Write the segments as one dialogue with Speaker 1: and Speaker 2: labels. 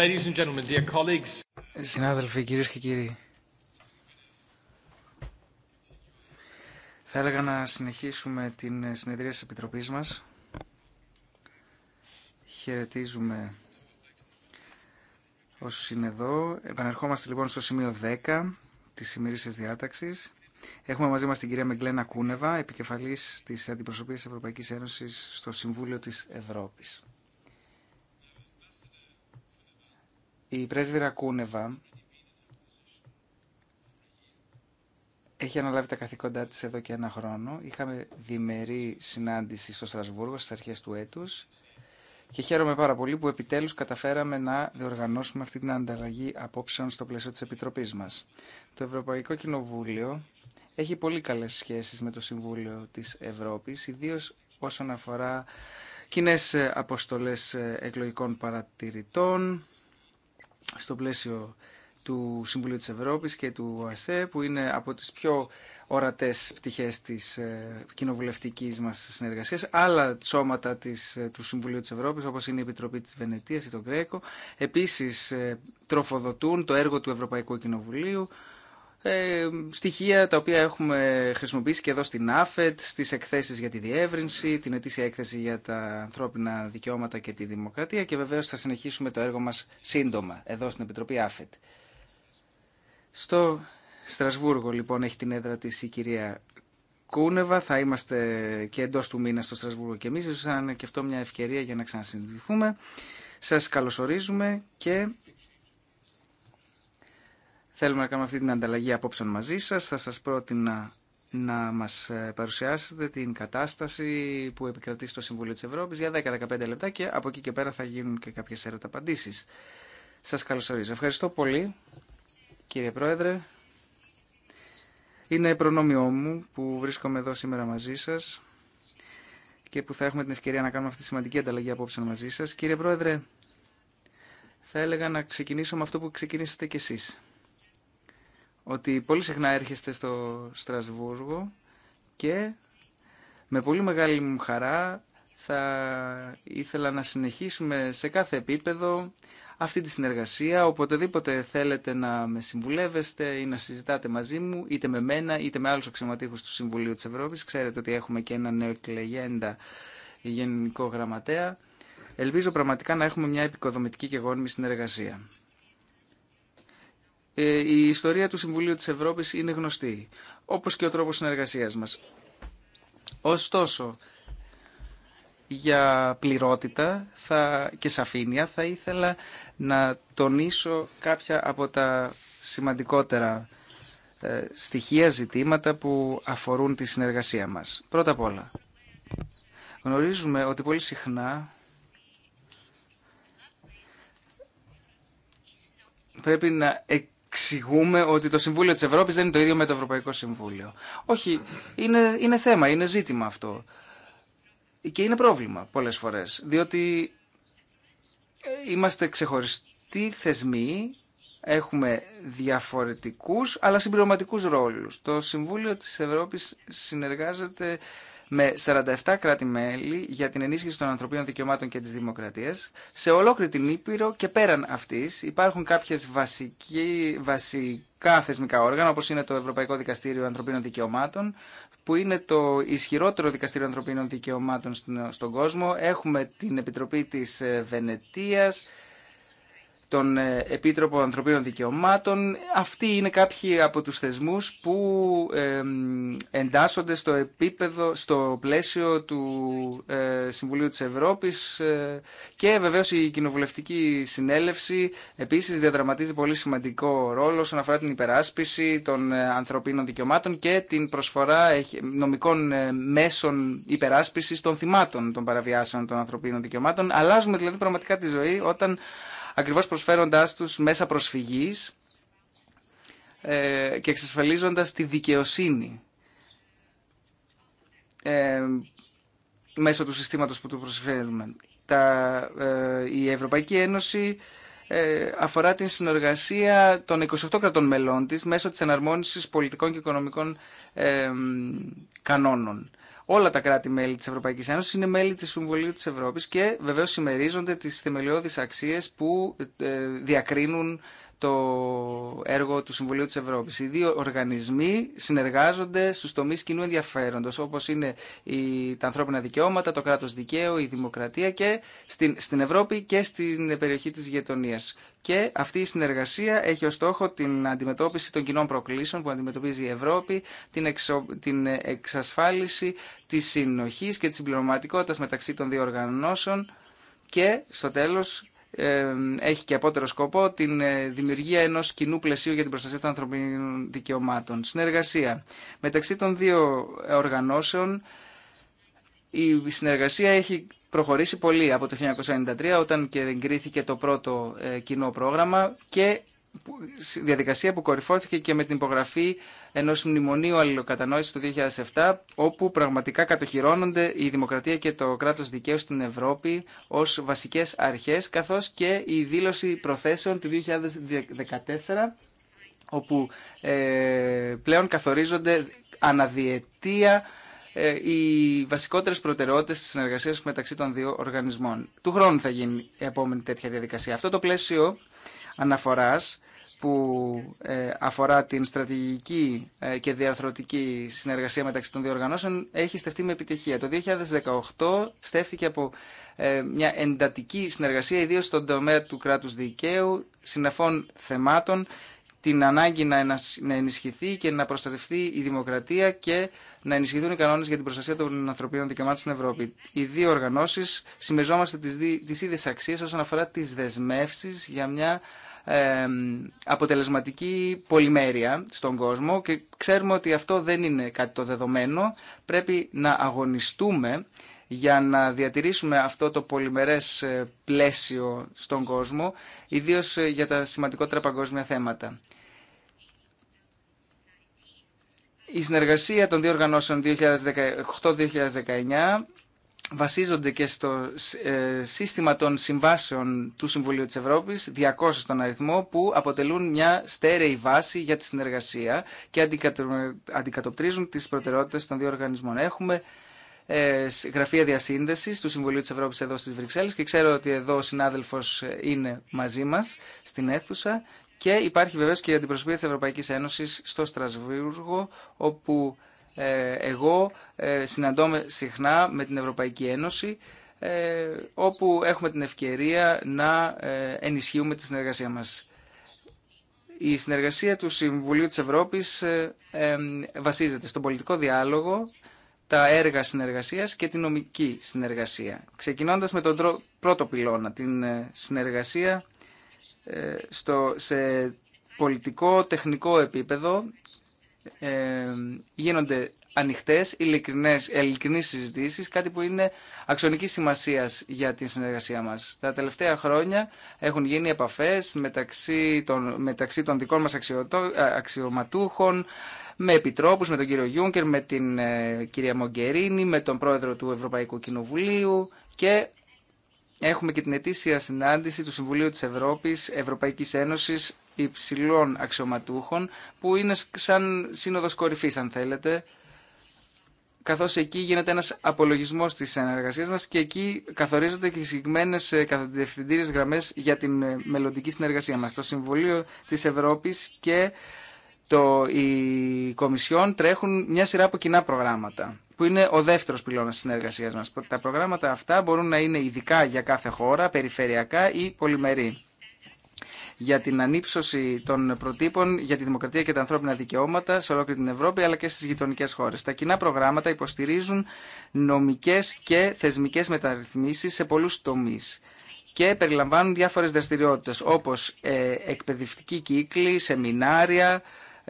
Speaker 1: Ladies and gentlemen, dear colleagues. Συνάδελφοι, κυρίες και κύριοι. Θα έλεγα να συνεχίσουμε την συνεδρία της Επιτροπής μας. Χαιρετίζουμε όσους είναι εδώ. Επανερχόμαστε λοιπόν στο σημείο 10 της σημερινής διάταξης. Έχουμε μαζί μας την κυρία Μεγκλένα Κούνεβα, επικεφαλής της Αντιπροσωπείας της Ευρωπαϊκής Ένωσης στο Συμβούλιο της Ευρώπης. Η πρέσβυρα Κούνεβα έχει αναλάβει τα καθήκοντά της εδώ και ένα χρόνο. Είχαμε διμερή συνάντηση στο Στρασβούργο στις αρχές του έτους και χαίρομαι πάρα πολύ που επιτέλους καταφέραμε να διοργανώσουμε αυτή την ανταλλαγή απόψεων στο πλαίσιο της Επιτροπής μας. Το Ευρωπαϊκό Κοινοβούλιο έχει πολύ καλές σχέσεις με το Συμβούλιο της Ευρώπης, ιδίως όσον αφορά κοινέ αποστολές εκλογικών παρατηρητών, στο πλαίσιο του Συμβουλίου της Ευρώπης και του ΟΑΣΕ που είναι από τις πιο ορατές πτυχές της ε, κοινοβουλευτικής μας συνεργασίας. Άλλα σώματα της, ε, του Συμβουλίου της Ευρώπης όπως είναι η Επιτροπή της Βενετίας ή το Γκρέκο επίσης ε, τροφοδοτούν το έργο του Ευρωπαϊκού Κοινοβουλίου ε, στοιχεία τα οποία έχουμε χρησιμοποιήσει και εδώ στην ΑΦΕΤ, στις εκθέσεις για τη διεύρυνση, την ετήσια έκθεση για τα ανθρώπινα δικαιώματα και τη δημοκρατία και βεβαίως θα συνεχίσουμε το έργο μας σύντομα εδώ στην Επιτροπή ΑΦΕΤ. Στο Στρασβούργο λοιπόν έχει την έδρα της η κυρία Κούνεβα, θα είμαστε και εντός του μήνα στο Στρασβούργο και εμείς, ίσως είναι και αυτό μια ευκαιρία για να ξανασυνδυθούμε. Σας καλωσορίζουμε και Θέλουμε να κάνουμε αυτή την ανταλλαγή απόψεων μαζί σας. Θα σας πρότεινα να μας ε, παρουσιάσετε την κατάσταση που επικρατεί στο Συμβούλιο της Ευρώπης για 10-15 λεπτά και από εκεί και πέρα θα γίνουν και κάποιες ερωταπαντήσεις. Σας καλωσορίζω. Ευχαριστώ πολύ, κύριε Πρόεδρε. Είναι προνόμιό μου που βρίσκομαι εδώ σήμερα μαζί σας και που θα έχουμε την ευκαιρία να κάνουμε αυτή τη σημαντική ανταλλαγή απόψεων μαζί σας. Κύριε Πρόεδρε, θα έλεγα να ξεκινήσω με αυτό που ξεκινήσατε κι εσείς ότι πολύ συχνά έρχεστε στο Στρασβούργο και με πολύ μεγάλη μου χαρά θα ήθελα να συνεχίσουμε σε κάθε επίπεδο αυτή τη συνεργασία. Οποτεδήποτε θέλετε να με συμβουλεύεστε ή να συζητάτε μαζί μου, είτε με μένα είτε με άλλους αξιωματήχους του Συμβουλίου της Ευρώπης. Ξέρετε ότι έχουμε και ένα νέο εκλεγέντα γενικό γραμματέα. Ελπίζω πραγματικά να έχουμε μια επικοδομητική και γόνιμη συνεργασία. Ε, η ιστορία του Συμβουλίου της Ευρώπης είναι γνωστή, όπως και ο τρόπος συνεργασίας μας. Ωστόσο, για πληρότητα θα, και σαφήνεια θα ήθελα να τονίσω κάποια από τα σημαντικότερα ε, στοιχεία, ζητήματα που αφορούν τη συνεργασία μας. Πρώτα απ' όλα, γνωρίζουμε ότι πολύ συχνά πρέπει να εξηγούμε ότι το Συμβούλιο της Ευρώπης δεν είναι το ίδιο με το Ευρωπαϊκό Συμβούλιο. Όχι, είναι, είναι θέμα, είναι ζήτημα αυτό. Και είναι πρόβλημα πολλές φορές, διότι είμαστε ξεχωριστοί θεσμοί, έχουμε διαφορετικούς αλλά συμπληρωματικούς ρόλους. Το Συμβούλιο της Ευρώπης συνεργάζεται με 47 κράτη-μέλη για την ενίσχυση των ανθρωπίνων δικαιωμάτων και της δημοκρατίας. Σε ολόκληρη την Ήπειρο και πέραν αυτής υπάρχουν κάποιες βασικά θεσμικά όργανα όπως είναι το Ευρωπαϊκό Δικαστήριο Ανθρωπίνων Δικαιωμάτων που είναι το ισχυρότερο δικαστήριο ανθρωπίνων δικαιωμάτων στον κόσμο. Έχουμε την Επιτροπή της ε, Βενετίας, τον ε, Επίτροπο Ανθρωπίνων Δικαιωμάτων. Αυτοί είναι κάποιοι από τους θεσμούς που ε, εντάσσονται στο επίπεδο, στο πλαίσιο του ε, Συμβουλίου της Ευρώπης και βεβαίως η Κοινοβουλευτική Συνέλευση επίσης διαδραματίζει πολύ σημαντικό ρόλο όσον αφορά την υπεράσπιση των ανθρωπίνων δικαιωμάτων και την προσφορά νομικών μέσων υπεράσπισης των θυμάτων των παραβιάσεων των ανθρωπίνων δικαιωμάτων. Αλλάζουμε δηλαδή πραγματικά τη ζωή όταν ακριβώς προσφέροντάς τους μέσα προσφυγής ε, και εξασφαλίζοντας τη δικαιοσύνη ε, μέσω του συστήματος που του προσφέρουμε. Τα, ε, η Ευρωπαϊκή Ένωση αφορά την συνεργασία των 28 κρατών μελών της μέσω της εναρμόνισης πολιτικών και οικονομικών κανόνων. Όλα τα κράτη-μέλη τη Ευρωπαϊκή Ένωση είναι μέλη της Συμβουλίου τη Ευρώπη και βεβαίω συμμερίζονται τι θεμελιώδει αξίε που ε, διακρίνουν το έργο του Συμβουλίου της Ευρώπης. Οι δύο οργανισμοί συνεργάζονται στους τομείς κοινού ενδιαφέροντος, όπως είναι η, τα ανθρώπινα δικαιώματα, το κράτος δικαίου, η δημοκρατία και στην, στην Ευρώπη και στην περιοχή της γειτονίας. Και αυτή η συνεργασία έχει ως στόχο την αντιμετώπιση των κοινών προκλήσεων που αντιμετωπίζει η Ευρώπη, την, την εξασφάλιση της συνοχής και της συμπληρωματικότητας μεταξύ των δύο οργανώσεων και στο τέλος έχει και απότερο σκοπό την ε, δημιουργία ενός κοινού πλαισίου για την προστασία των ανθρωπίνων δικαιωμάτων. Συνεργασία. Μεταξύ των δύο ε, οργανώσεων η συνεργασία έχει προχωρήσει πολύ από το 1993 όταν και εγκρίθηκε το πρώτο ε, κοινό πρόγραμμα και διαδικασία που κορυφώθηκε και με την υπογραφή ενός μνημονίου αλληλοκατανόηση του 2007, όπου πραγματικά κατοχυρώνονται η δημοκρατία και το κράτος δικαίου στην Ευρώπη ως βασικές αρχές, καθώς και η δήλωση προθέσεων του 2014, όπου ε, πλέον καθορίζονται αναδιετία ε, οι βασικότερες προτεραιότητες της συνεργασίας μεταξύ των δύο οργανισμών. Του χρόνου θα γίνει η επόμενη τέτοια διαδικασία. Αυτό το πλαίσιο αναφοράς που ε, αφορά την στρατηγική ε, και διαρθρωτική συνεργασία μεταξύ των δύο οργανώσεων έχει στεφτεί με επιτυχία. Το 2018 στέφθηκε από ε, μια εντατική συνεργασία, ιδίως στον τομέα του κράτους δικαίου, συναφών θεμάτων, την ανάγκη να ενισχυθεί και να προστατευτεί η δημοκρατία και να ενισχυθούν οι κανόνε για την προστασία των ανθρωπίνων δικαιωμάτων στην Ευρώπη. Οι δύο οργανώσει συμμεζόμαστε τι ίδιε αξίε όσον αφορά τι δεσμεύσει για μια αποτελεσματική πολυμέρεια στον κόσμο και ξέρουμε ότι αυτό δεν είναι κάτι το δεδομένο. Πρέπει να αγωνιστούμε για να διατηρήσουμε αυτό το πολυμερές ε, πλαίσιο στον κόσμο, ιδίως ε, για τα σημαντικότερα παγκόσμια θέματα. Η συνεργασία των δύο οργανώσεων 2018-2019 βασίζονται και στο ε, σύστημα των συμβάσεων του Συμβουλίου της Ευρώπης, 200 στον αριθμό, που αποτελούν μια στέρεη βάση για τη συνεργασία και αντικατοπτρίζουν τις προτεραιότητες των δύο οργανισμών. Έχουμε ε, γραφεία διασύνδεσης του Συμβουλίου της Ευρώπης εδώ στις Βρυξέλλες και ξέρω ότι εδώ ο συνάδελφος ε, είναι μαζί μας στην αίθουσα και υπάρχει βεβαίως και η αντιπροσωπεία της Ευρωπαϊκής Ένωσης στο Στρασβούργο όπου ε, εγώ ε, συναντώ συχνά με την Ευρωπαϊκή Ένωση ε, όπου έχουμε την ευκαιρία να ενισχύουμε τη συνεργασία μας. Η συνεργασία του Συμβουλίου της Ευρώπης βασίζεται στον πολιτικό διάλογο, τα έργα συνεργασίας και την νομική συνεργασία. Ξεκινώντας με τον πρώτο πυλώνα, την συνεργασία σε πολιτικό, τεχνικό επίπεδο ε, γίνονται ανοιχτέ, ειλικρινές, συζητήσει, κάτι που είναι αξιονική σημασία για την συνεργασία μας. Τα τελευταία χρόνια έχουν γίνει επαφές μεταξύ των, μεταξύ των δικών μας αξιωματούχων, με επιτρόπους, με τον κύριο Γιούγκερ, με την ε, κυρία Μογκερίνη, με τον πρόεδρο του Ευρωπαϊκού Κοινοβουλίου και έχουμε και την ετήσια συνάντηση του Συμβουλίου της Ευρώπης, Ευρωπαϊκής Ένωσης Υψηλών Αξιωματούχων, που είναι σαν σύνοδος κορυφής αν θέλετε, καθώς εκεί γίνεται ένας απολογισμός της συνεργασίας μας και εκεί καθορίζονται και συγκεκριμένε ε, καθοδιευθυντήριες γραμμές για την ε, μελλοντική συνεργασία μας. Το Συμβουλίο της Ευρώπης και το, η Κομισιόν τρέχουν μια σειρά από κοινά προγράμματα, που είναι ο δεύτερο πυλώνα τη συνεργασία μα. Τα προγράμματα αυτά μπορούν να είναι ειδικά για κάθε χώρα, περιφερειακά ή πολυμερή. Για την ανύψωση των προτύπων για τη δημοκρατία και τα ανθρώπινα δικαιώματα σε ολόκληρη την Ευρώπη αλλά και στι γειτονικέ χώρε. Τα κοινά προγράμματα υποστηρίζουν νομικέ και θεσμικέ μεταρρυθμίσει σε πολλού τομεί και περιλαμβάνουν διάφορε δραστηριότητε, όπω ε, εκπαιδευτικοί κύκλοι, σεμινάρια,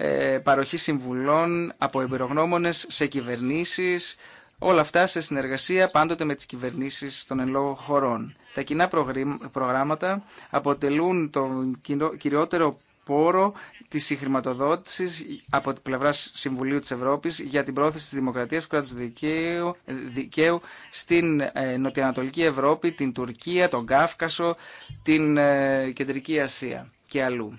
Speaker 1: ε, παροχή συμβουλών από εμπειρογνώμονες σε κυβερνήσεις, όλα αυτά σε συνεργασία πάντοτε με τις κυβερνήσεις των εν λόγω χωρών. Τα κοινά προγράμματα αποτελούν τον κυριότερο πόρο τη συγχρηματοδότηση από την πλευρά Συμβουλίου τη Ευρώπη για την πρόθεση τη δημοκρατία, του κράτου δικαίου, δικαίου στην ε, νοτιοανατολική Ευρώπη, την Τουρκία, τον Κάφκασο, την ε, Κεντρική Ασία και αλλού.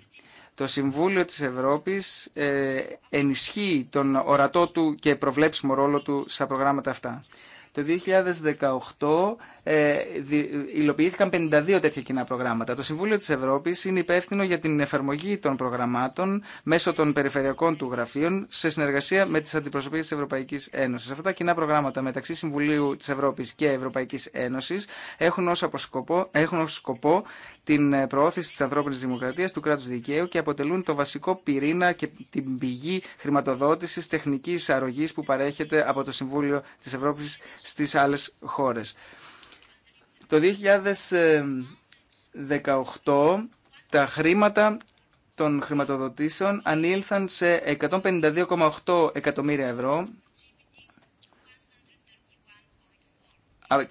Speaker 1: Το Συμβούλιο της Ευρώπης ε, ενισχύει τον ορατό του και προβλέψιμο ρόλο του στα προγράμματα αυτά. Το 2018 ε, υλοποιήθηκαν 52 τέτοια κοινά προγράμματα. Το Συμβούλιο της Ευρώπης είναι υπεύθυνο για την εφαρμογή των προγραμμάτων μέσω των περιφερειακών του γραφείων σε συνεργασία με τις αντιπροσωπείες της Ευρωπαϊκής Ένωσης. Αυτά τα κοινά προγράμματα μεταξύ Συμβουλίου της Ευρώπης και Ευρωπαϊκής Ένωσης έχουν ως, σκοπό την προώθηση της ανθρώπινης δημοκρατίας, του κράτους δικαίου και αποτελούν το βασικό πυρήνα και την πηγή χρηματοδότησης τεχνικής αρρωγής που παρέχεται από το Συμβούλιο της Ευρώπης στις άλλες χώρες. Το 2018 ε, τα χρήματα των χρηματοδοτήσεων ανήλθαν σε 152,8 εκατομμύρια ευρώ,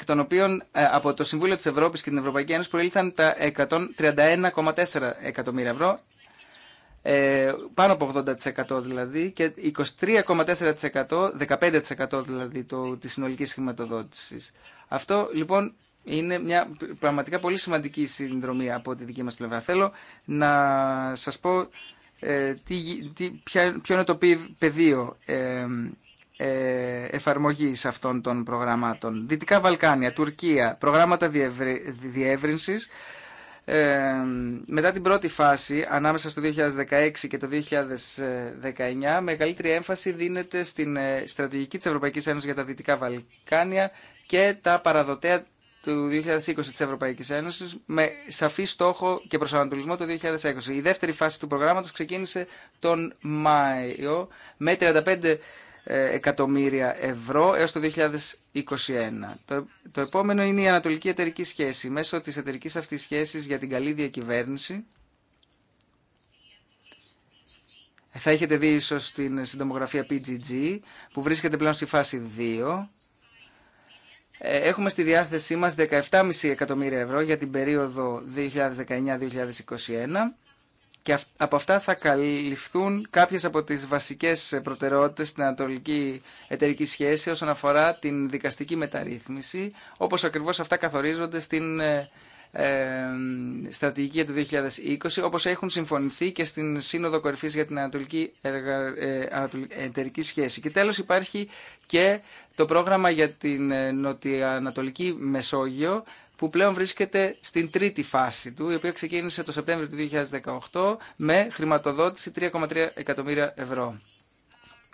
Speaker 1: των οποίων ε, από το Συμβούλιο της Ευρώπης και την Ευρωπαϊκή Ένωση προήλθαν τα 131,4 εκατομμύρια ευρώ, ε, πάνω από 80% δηλαδή, και 23,4%, 15% δηλαδή το, της συνολικής χρηματοδότησης. Αυτό λοιπόν είναι μια πραγματικά πολύ σημαντική συνδρομή από τη δική μας πλευρά. Θέλω να σας πω ε, τι, τι, ποιο είναι το πεδίο ε, ε, εφαρμογής αυτών των προγραμμάτων. Δυτικά Βαλκάνια, Τουρκία, προγράμματα διεύρυ, διεύρυνσης. Ε, μετά την πρώτη φάση, ανάμεσα στο 2016 και το 2019, μεγαλύτερη έμφαση δίνεται στην ε, στρατηγική της Ευρωπαϊκής Ένωσης για τα Δυτικά Βαλκάνια και τα παραδοτέα του 2020 της Ευρωπαϊκής Ένωσης με σαφή στόχο και προσανατολισμό το 2020. Η δεύτερη φάση του προγράμματος ξεκίνησε τον Μάιο με 35 ε, εκατομμύρια ευρώ έως το 2021. Το, το επόμενο είναι η ανατολική εταιρική σχέση. Μέσω της εταιρικής αυτής σχέσης για την καλή διακυβέρνηση θα έχετε δει ίσως την συντομογραφία PGG που βρίσκεται πλέον στη φάση 2 ε, έχουμε στη διάθεσή μας 17,5 εκατομμύρια ευρώ για την περίοδο 2019-2021 και από αυτά θα καλυφθούν κάποιες από τις βασικές προτεραιότητες στην ανατολική εταιρική σχέση όσον αφορά την δικαστική μεταρρύθμιση, όπως ακριβώς αυτά καθορίζονται στην ε, στρατηγική για το 2020, όπως έχουν συμφωνηθεί και στην Σύνοδο Κορυφής για την Ανατολική ε, Εταιρική Σχέση. Και τέλος υπάρχει και το πρόγραμμα για την ε, Νοτιοανατολική Μεσόγειο, που πλέον βρίσκεται στην τρίτη φάση του, η οποία ξεκίνησε το Σεπτέμβριο του 2018 με χρηματοδότηση 3,3 εκατομμύρια ευρώ.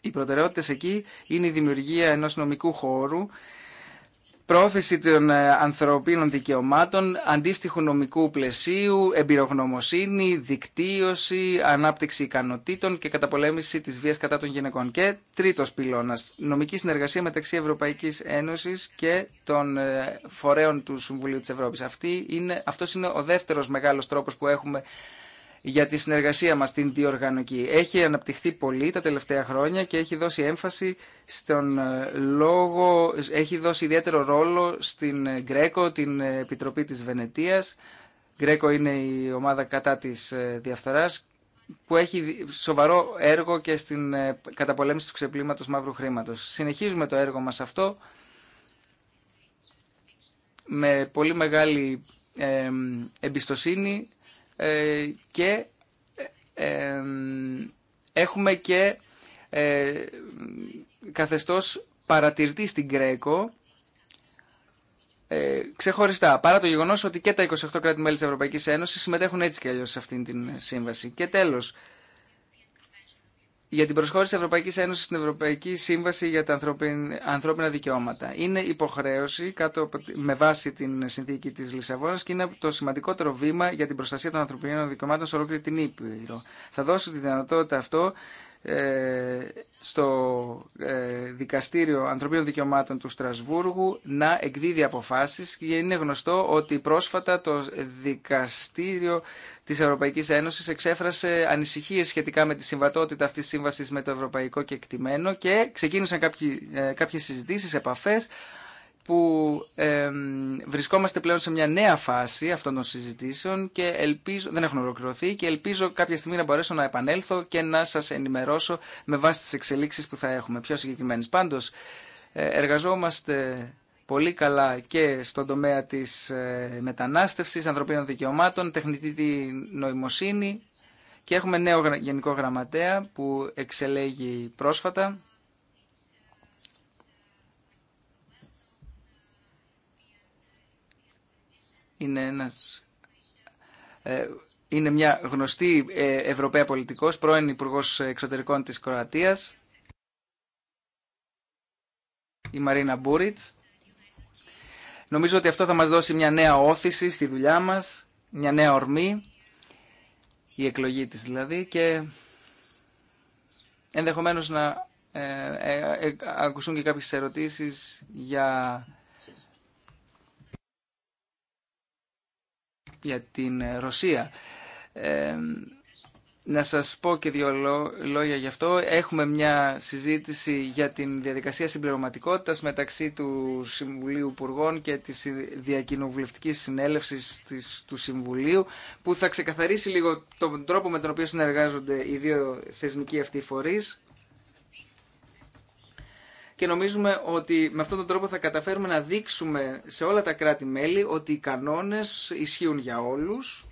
Speaker 1: Οι προτεραιότητες εκεί είναι η δημιουργία ενός νομικού χώρου πρόθεση των ε, ανθρωπίνων δικαιωμάτων, αντίστοιχου νομικού πλαισίου, εμπειρογνωμοσύνη, δικτύωση, ανάπτυξη ικανοτήτων και καταπολέμηση της βίας κατά των γυναικών. Και τρίτος πυλώνας, νομική συνεργασία μεταξύ Ευρωπαϊκής Ένωσης και των ε, φορέων του Συμβουλίου της Ευρώπης. Αυτή είναι, αυτός είναι ο δεύτερος μεγάλος τρόπος που έχουμε για τη συνεργασία μας την διοργανωκή. Έχει αναπτυχθεί πολύ τα τελευταία χρόνια και έχει δώσει έμφαση στον ε, λόγο, έχει δώσει ιδιαίτερο ρόλο στην ε, Γκρέκο, την ε, Επιτροπή της Βενετίας. Γκρέκο είναι η ομάδα κατά της διαφθοράς που έχει σοβαρό έργο και στην καταπολέμηση του ξεπλήματος μαύρου χρήματος. Συνεχίζουμε το έργο μας αυτό με πολύ μεγάλη εμπιστοσύνη ε, και ε, έχουμε και ε, καθεστώς παρατηρητή στην Κρέκο ε, ξεχωριστά. Παρά το γεγονός ότι και τα 28 κράτη-μέλη της Ευρωπαϊκής Ένωσης συμμετέχουν έτσι και αλλιώς σε αυτήν την σύμβαση. Και τέλος για την προσχώρηση της Ευρωπαϊκής Ένωσης στην Ευρωπαϊκή Σύμβαση για τα Ανθρώπινα Δικαιώματα. Είναι υποχρέωση κάτω, με βάση την συνθήκη της Λισαβόνας και είναι το σημαντικότερο βήμα για την προστασία των ανθρωπίνων δικαιωμάτων σε ολόκληρη την Ήπειρο. Θα δώσω τη δυνατότητα αυτό ε, στο ε, Δικαστήριο Ανθρωπίνων Δικαιωμάτων του Στρασβούργου να εκδίδει αποφάσεις και είναι γνωστό ότι πρόσφατα το Δικαστήριο της Ευρωπαϊκής Ένωσης εξέφρασε ανησυχίες σχετικά με τη συμβατότητα αυτής της σύμβασης με το ευρωπαϊκό κεκτημένο και ξεκίνησαν κάποιοι, ε, κάποιες συζητήσεις, επαφές που βρισκόμαστε πλέον σε μια νέα φάση αυτών των συζητήσεων και ελπίζω, δεν έχουν ολοκληρωθεί και ελπίζω κάποια στιγμή να μπορέσω να επανέλθω και να σας ενημερώσω με βάση τις εξελίξεις που θα έχουμε πιο συγκεκριμένε. Πάντως, ε, εργαζόμαστε πολύ καλά και στον τομέα της ε, μετανάστευσης, ανθρωπίνων δικαιωμάτων, τεχνητή νοημοσύνη και έχουμε νέο γενικό γραμματέα που εξελέγει πρόσφατα είναι ε, είναι μια γνωστή ε, Ευρωπαία πολιτικός, πρώην Υπουργό Εξωτερικών της Κροατίας, η Μαρίνα Μπούριτς. Νομίζω ότι αυτό θα μας δώσει μια νέα όθηση στη δουλειά μας, μια νέα ορμή, η εκλογή της δηλαδή, και ενδεχομένως να ε, ε ακουσούν και κάποιες ερωτήσεις για για την ε, Ρωσία. Ε, να σας πω και δύο λόγια γι' αυτό. Έχουμε μια συζήτηση για την διαδικασία συμπληρωματικότητας μεταξύ του Συμβουλίου Υπουργών και της Διακοινοβουλευτικής Συνέλευσης της, του Συμβουλίου που θα ξεκαθαρίσει λίγο τον τρόπο με τον οποίο συνεργάζονται οι δύο θεσμικοί αυτοί φορείς και νομίζουμε ότι με αυτόν τον τρόπο θα καταφέρουμε να δείξουμε σε όλα τα κράτη-μέλη ότι οι κανόνες ισχύουν για όλους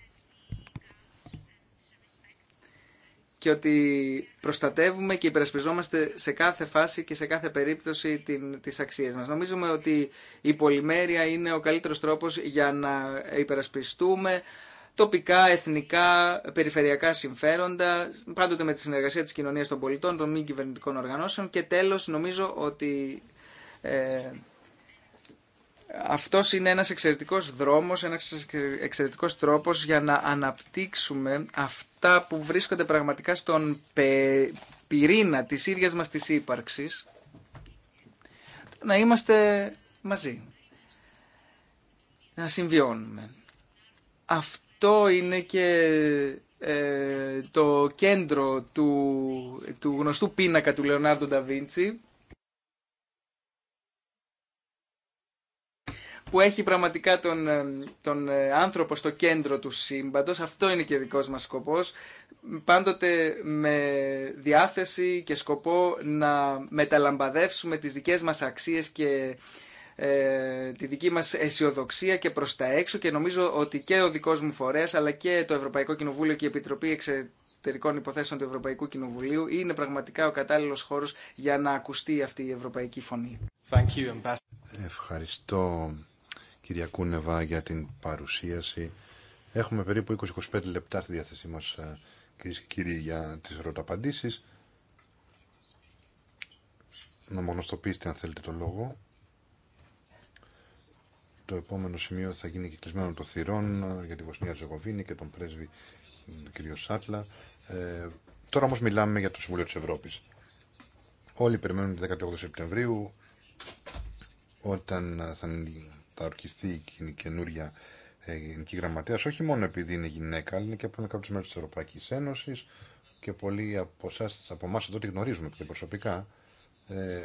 Speaker 1: και ότι προστατεύουμε και υπερασπιζόμαστε σε κάθε φάση και σε κάθε περίπτωση την, τις αξίες μας. Νομίζουμε ότι η πολυμέρεια είναι ο καλύτερος τρόπος για να υπερασπιστούμε τοπικά, εθνικά, περιφερειακά συμφέροντα, πάντοτε με τη συνεργασία της κοινωνίας των πολιτών, των μη κυβερνητικών οργανώσεων και τέλος νομίζω ότι ε, αυτός είναι ένας εξαιρετικός δρόμος, ένας εξαιρετικός τρόπος για να αναπτύξουμε αυτά που βρίσκονται πραγματικά στον πυρήνα της ίδιας μας της ύπαρξης, να είμαστε μαζί, να συμβιώνουμε. Αυτό αυτό είναι και ε, το κέντρο του, του γνωστού πίνακα του Λεωνάρντο Νταβίντσι που έχει πραγματικά τον, ε, τον ε, άνθρωπο στο κέντρο του σύμπαντος. Αυτό είναι και δικός μας σκοπός. Πάντοτε με διάθεση και σκοπό να μεταλαμπαδεύσουμε τις δικές μας αξίες και ε, τη δική μας αισιοδοξία και προς τα έξω και νομίζω ότι και ο δικός μου φορέας αλλά και το Ευρωπαϊκό Κοινοβούλιο και η Επιτροπή Εξωτερικών Υποθέσεων του Ευρωπαϊκού Κοινοβουλίου είναι πραγματικά ο κατάλληλος χώρος για να ακουστεί αυτή η ευρωπαϊκή φωνή.
Speaker 2: Ευχαριστώ κυρία Κούνεβα για την παρουσίαση. Έχουμε περίπου 20-25 λεπτά στη διάθεσή μας ε, κυρίες και κύριοι για τις ρωταπαντήσεις. Να μονοστοποιήσετε αν θέλετε το λόγο. Το επόμενο σημείο θα γίνει και κλεισμένο των θυρών για τη Βοσνία Ζεγοβίνη και τον πρέσβη κ. Σάτλα. Ε, τώρα όμως μιλάμε για το Συμβουλίο της Ευρώπης. Όλοι περιμένουν την 18 Σεπτεμβρίου όταν θα, ορκιστεί η καινούρια ε, γενική γραμματέα, όχι μόνο επειδή είναι γυναίκα, αλλά είναι και από ένα κράτο μέλο τη Ευρωπαϊκή Ένωση και πολλοί από εσά, από εμά εδώ τη γνωρίζουμε και προσωπικά. Ε,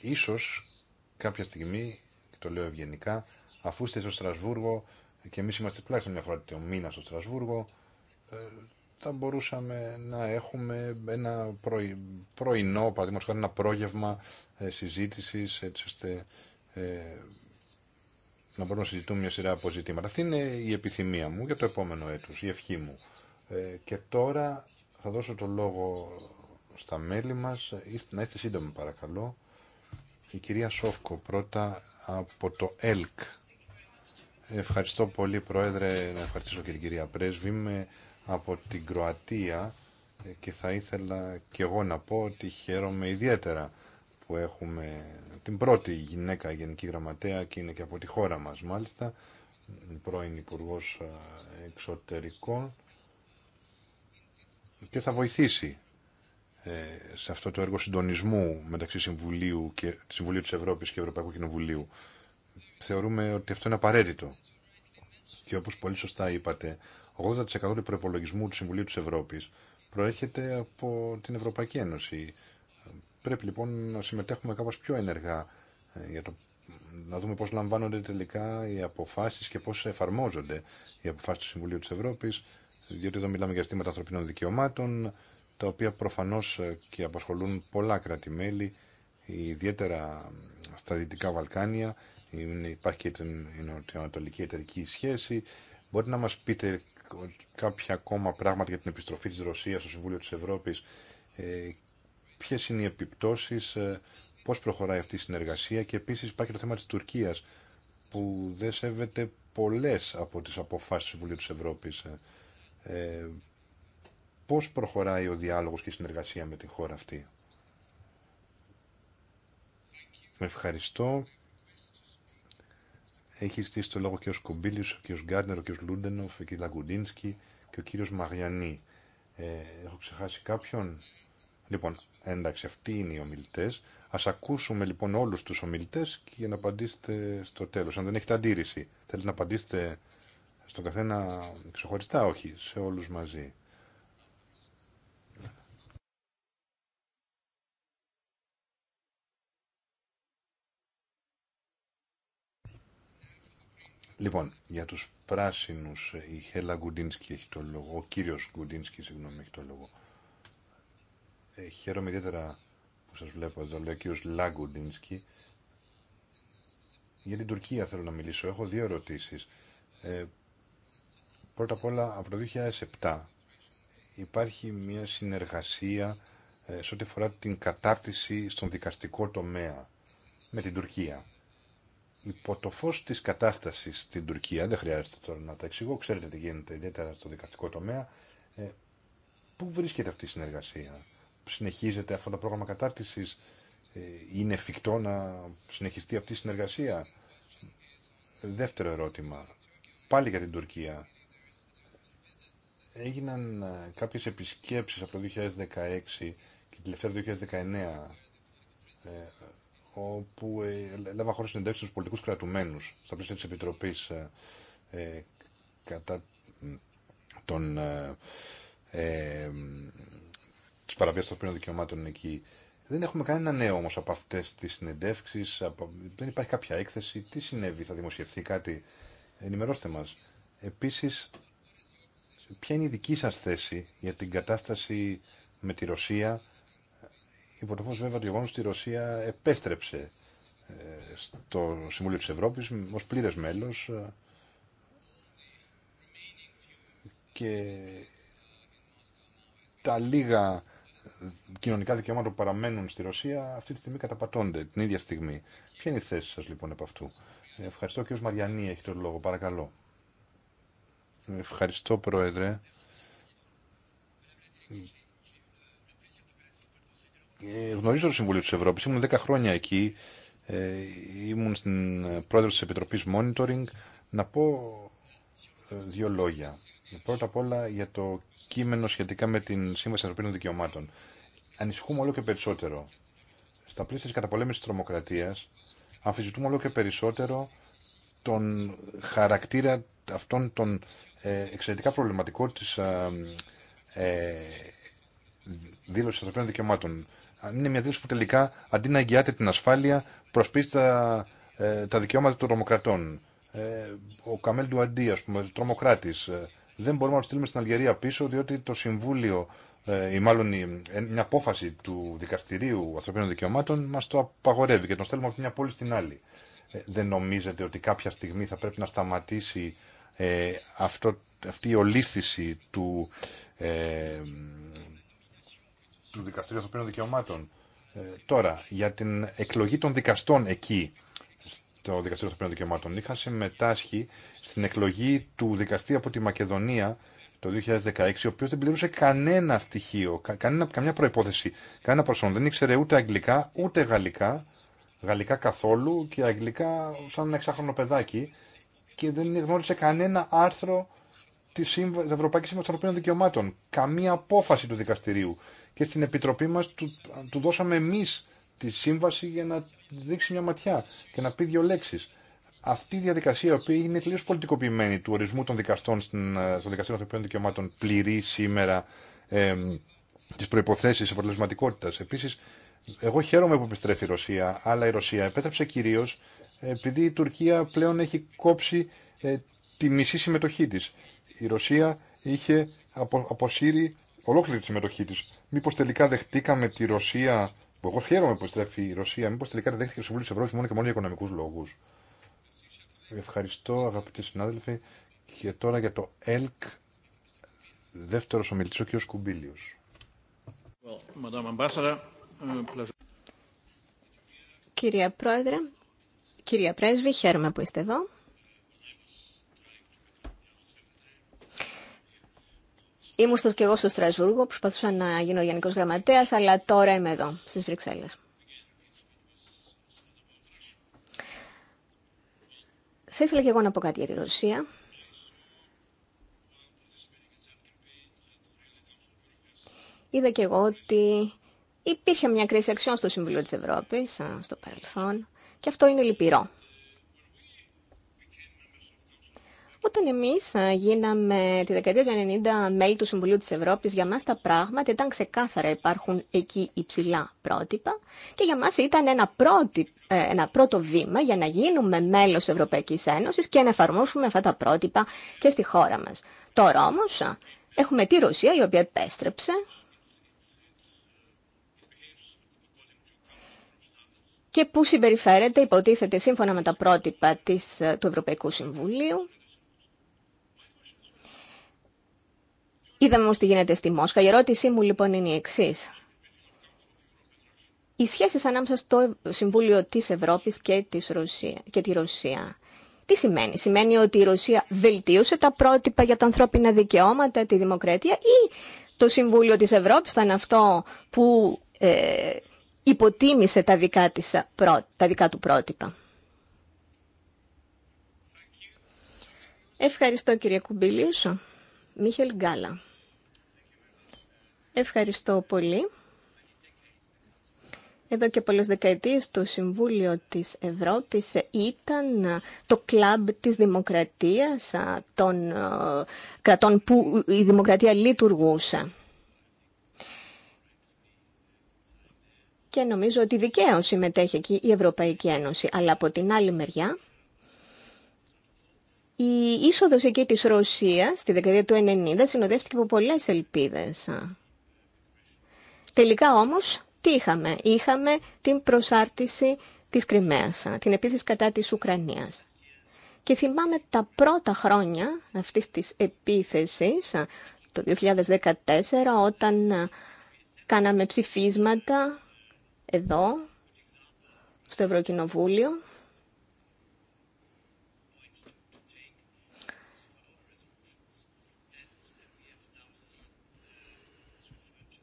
Speaker 2: ίσως κάποια στιγμή, και το λέω ευγενικά, αφού είστε στο Στρασβούργο και εμείς είμαστε τουλάχιστον μια φορά το μήνα στο Στρασβούργο, ε, θα μπορούσαμε να έχουμε ένα πρωι, πρωινό, παραδείγματος ένα πρόγευμα συζήτηση ε, συζήτησης, έτσι ώστε ε, να μπορούμε να συζητούμε μια σειρά από Αυτή είναι η επιθυμία μου για το επόμενο έτος, η ευχή μου. Ε, και τώρα θα δώσω το λόγο στα μέλη μα να είστε σύντομοι παρακαλώ. Η κυρία Σόφκο πρώτα από το ΕΛΚ. Ευχαριστώ πολύ Πρόεδρε, να ευχαριστήσω και την κυρία Πρέσβη. Είμαι από την Κροατία και θα ήθελα και εγώ να πω ότι χαίρομαι ιδιαίτερα που έχουμε την πρώτη γυναίκα γενική γραμματέα και είναι και από τη χώρα μας μάλιστα, πρώην υπουργό Εξωτερικών και θα βοηθήσει ε, σε αυτό το έργο συντονισμού μεταξύ Συμβουλίου, και, Συμβουλίου της Ευρώπης και Ευρωπαϊκού Κοινοβουλίου θεωρούμε ότι αυτό είναι απαραίτητο. Και όπως πολύ σωστά είπατε, 80% του προπολογισμού του Συμβουλίου της Ευρώπης προέρχεται από την Ευρωπαϊκή Ένωση. Πρέπει λοιπόν να συμμετέχουμε κάπως πιο ενεργά ε, για το να δούμε πώς λαμβάνονται τελικά οι αποφάσεις και πώς εφαρμόζονται οι αποφάσεις του Συμβουλίου της Ευρώπης, διότι εδώ μιλάμε για στήματα ανθρωπινών δικαιωμάτων, τα οποία προφανώς ε, και απασχολούν πολλά κράτη-μέλη, ιδιαίτερα στα Δυτικά Βαλκάνια υπάρχει και την νοτιοανατολική εταιρική σχέση. Μπορείτε να μας πείτε κάποια ακόμα πράγματα για την επιστροφή της Ρωσίας στο Συμβούλιο της Ευρώπης. Ε, ποιες είναι οι επιπτώσεις, ε, πώς προχωράει αυτή η συνεργασία και επίσης υπάρχει το θέμα της Τουρκίας που δεν σέβεται πολλές από τις αποφάσεις του Συμβουλίου της Ευρώπης. Ε, ε πώς προχωράει ο διάλογος και η συνεργασία με τη χώρα αυτή. Ευχαριστώ. Έχει ζητήσει το λόγο και ο Σκομπίλη, ο κ. Γκάρνερ, ο κ. Λούντενοφ, ο κ. Λαγκουντίνσκι και ο κ. Μαριανή. Ε, έχω ξεχάσει κάποιον. Λοιπόν, εντάξει, αυτοί είναι οι ομιλητέ. Α ακούσουμε λοιπόν όλου του ομιλητέ για να απαντήσετε στο τέλο. Αν δεν έχετε αντίρρηση, θέλετε να απαντήσετε στον καθένα ξεχωριστά, όχι, σε όλου μαζί. Λοιπόν, για τους πράσινους η Χέλα Γκουντίνσκι έχει το λόγο, ο κύριος Γκουντίνσκι, συγγνώμη, έχει το λόγο. Ε, χαίρομαι ιδιαίτερα που σας βλέπω εδώ, λέει ο κύριος Λαγκουντίνσκι. Για την Τουρκία θέλω να μιλήσω, έχω δύο ερωτήσεις. Ε, πρώτα απ' όλα, από το 2007 υπάρχει μια συνεργασία ε, σε ό,τι αφορά την κατάρτιση στον δικαστικό τομέα με την Τουρκία υπό το φω της κατάστασης στην Τουρκία, δεν χρειάζεται τώρα να τα εξηγώ, ξέρετε τι γίνεται ιδιαίτερα στο δικαστικό τομέα, ε, πού βρίσκεται αυτή η συνεργασία, συνεχίζεται αυτό το πρόγραμμα κατάρτισης, ε, είναι εφικτό να συνεχιστεί αυτή η συνεργασία. Δεύτερο ερώτημα, πάλι για την Τουρκία. Έγιναν ε, κάποιες επισκέψεις από το 2016 και τελευταία το 2019 ε, όπου ε, έλαβα χώρο συνεντεύξεις στους πολιτικούς κρατουμένους στα πλαίσια της Επιτροπής ε, ε, κατά των, ε, της παραβίασης των δικαιωμάτων εκεί. Δεν έχουμε κανένα νέο όμως από αυτές τις συνεντεύξεις, δεν υπάρχει κάποια έκθεση. Τι συνέβη, θα δημοσιευθεί κάτι, ενημερώστε μας. Επίσης, ποια είναι η δική σας θέση για την κατάσταση με τη Ρωσία υπό το φως βέβαια του η Ρωσία επέστρεψε ε, στο Συμβούλιο της Ευρώπης ως πλήρες μέλος ε, και τα λίγα κοινωνικά δικαιώματα που παραμένουν στη Ρωσία αυτή τη στιγμή καταπατώνται την ίδια στιγμή. Ποια είναι η θέση σας λοιπόν από αυτού. Ευχαριστώ και κύριος Μαριανή έχει τον λόγο παρακαλώ. Ευχαριστώ Πρόεδρε γνωρίζω το Συμβούλιο τη Ευρώπη, ήμουν 10 χρόνια εκεί, ε, ήμουν στην ε, πρόεδρο τη Επιτροπή Monitoring, να πω ε, δύο λόγια. Πρώτα απ' όλα για το κείμενο σχετικά με την Σύμβαση Ανθρωπίνων Δικαιωμάτων. Ανησυχούμε όλο και περισσότερο. Στα πλαίσια τη καταπολέμηση τη τρομοκρατία, αμφισβητούμε όλο και περισσότερο τον χαρακτήρα αυτών των εξαιρετικά προβληματικών τη ε, δήλωση ανθρωπίνων δικαιωμάτων είναι μια δήλωση που τελικά αντί να εγγυάται την ασφάλεια προσπίσει τα, ε, τα δικαιώματα των τρομοκρατών. Ε, ο Καμέλ Ντουαντί, α πούμε, τρομοκράτη, ε, δεν μπορούμε να το στείλουμε στην Αλγερία πίσω διότι το Συμβούλιο ε, ή μάλλον μια απόφαση του Δικαστηρίου Ανθρωπίνων Δικαιωμάτων μα το απαγορεύει και τον στέλνουμε από μια πόλη στην άλλη. Δεν νομίζετε ότι κάποια στιγμή θα πρέπει να σταματήσει ε, αυτό, αυτή η ολίσθηση του, ε, του Δικαστηρίου Ανθρωπίνων Δικαιωμάτων. Ε, τώρα, για την εκλογή των δικαστών εκεί, στο Δικαστήριο Ανθρωπίνων Δικαιωμάτων, είχα συμμετάσχει στην εκλογή του δικαστή από τη Μακεδονία το 2016, ο οποίο δεν πληρούσε κανένα στοιχείο, κανένα, καμιά προπόθεση, κανένα προσόν. Δεν ήξερε ούτε αγγλικά ούτε γαλλικά, γαλλικά καθόλου και αγγλικά σαν ένα εξάχρονο παιδάκι και δεν γνώρισε κανένα άρθρο τη Ευρωπαϊκή Σύμβαση των Ανθρωπίνων Δικαιωμάτων. Καμία απόφαση του δικαστηρίου και στην Επιτροπή μας του, δώσαμε εμείς τη σύμβαση για να δείξει μια ματιά και να πει δύο λέξεις. Αυτή η διαδικασία, η οποία είναι τελείως πολιτικοποιημένη του ορισμού των δικαστών στην, στο Δικαστήριο Ανθρωπίνων Δικαιωμάτων, πληρεί σήμερα ε, τι προποθέσει αποτελεσματικότητα. Επίση, εγώ χαίρομαι που επιστρέφει η Ρωσία, αλλά η Ρωσία επέτρεψε κυρίω επειδή η Τουρκία πλέον έχει κόψει ε, τη μισή συμμετοχή της. Η Ρωσία είχε αποσύρει ολόκληρη τη συμμετοχή τη Μήπω τελικά δεχτήκαμε τη Ρωσία, που εγώ χαίρομαι που στρέφει η Ρωσία, μήπω τελικά δεν δέχτηκε το Συμβούλιο τη Ευρώπη μόνο και μόνο για οικονομικού λόγου. Ευχαριστώ αγαπητοί συνάδελφοι. Και τώρα για το ΕΛΚ, δεύτερο ομιλητή, ο κ. Κουμπίλιο.
Speaker 3: Uh, κυρία Πρόεδρε, κυρία Πρέσβη, χαίρομαι που είστε εδώ. Ήμουν στο και εγώ στο Στρασβούργο, προσπαθούσα να γίνω γενικός γραμματέα, αλλά τώρα είμαι εδώ, στι Βρυξέλλε. Θα ήθελα και εγώ να πω κάτι για τη Ρωσία. Είδα και εγώ ότι υπήρχε μια κρίση αξιών στο Συμβουλίο της Ευρώπης, στο παρελθόν, και αυτό είναι λυπηρό. Όταν εμεί ε, γίναμε τη δεκαετία του 90 μέλη του Συμβουλίου της Ευρώπης, για μα τα πράγματα ήταν ξεκάθαρα. Υπάρχουν εκεί υψηλά πρότυπα και για μας ήταν ένα, ε, ένα πρώτο βήμα για να γίνουμε μέλος Ευρωπαϊκής Ένωσης και να εφαρμόσουμε αυτά τα πρότυπα και στη χώρα μας. Τώρα όμω ε, έχουμε τη Ρωσία η οποία επέστρεψε και που συμπεριφέρεται, υποτίθεται, σύμφωνα με τα πρότυπα του Ευρωπαϊκού Συμβουλίου Είδαμε όμως τι γίνεται στη Μόσχα. Η ερώτησή μου λοιπόν είναι η εξή. Οι σχέσεις ανάμεσα στο Συμβούλιο της Ευρώπης και, της και τη Ρωσία. Τι σημαίνει. Σημαίνει ότι η Ρωσία βελτίωσε τα πρότυπα για τα ανθρώπινα δικαιώματα, τη δημοκρατία ή το Συμβούλιο της Ευρώπης ήταν αυτό που ε, υποτίμησε τα δικά, τα του πρότυπα. Ευχαριστώ κύριε Κουμπίλιουσο. Μίχελ Γκάλα. Ευχαριστώ πολύ. Εδώ και πολλές δεκαετίες το Συμβούλιο της Ευρώπης ήταν το κλαμπ της δημοκρατίας των ε, κρατών που η δημοκρατία λειτουργούσε. Και νομίζω ότι δικαίως συμμετέχει εκεί η Ευρωπαϊκή Ένωση. Αλλά από την άλλη μεριά η είσοδος εκεί της Ρωσίας στη δεκαετία του 90 συνοδεύτηκε από πολλές ελπίδες. Τελικά όμως, τι είχαμε. Είχαμε την προσάρτηση της Κρυμαίας, την επίθεση κατά της Ουκρανίας. Και θυμάμαι τα πρώτα χρόνια αυτής της επίθεσης, το 2014, όταν κάναμε ψηφίσματα εδώ, στο Ευρωκοινοβούλιο,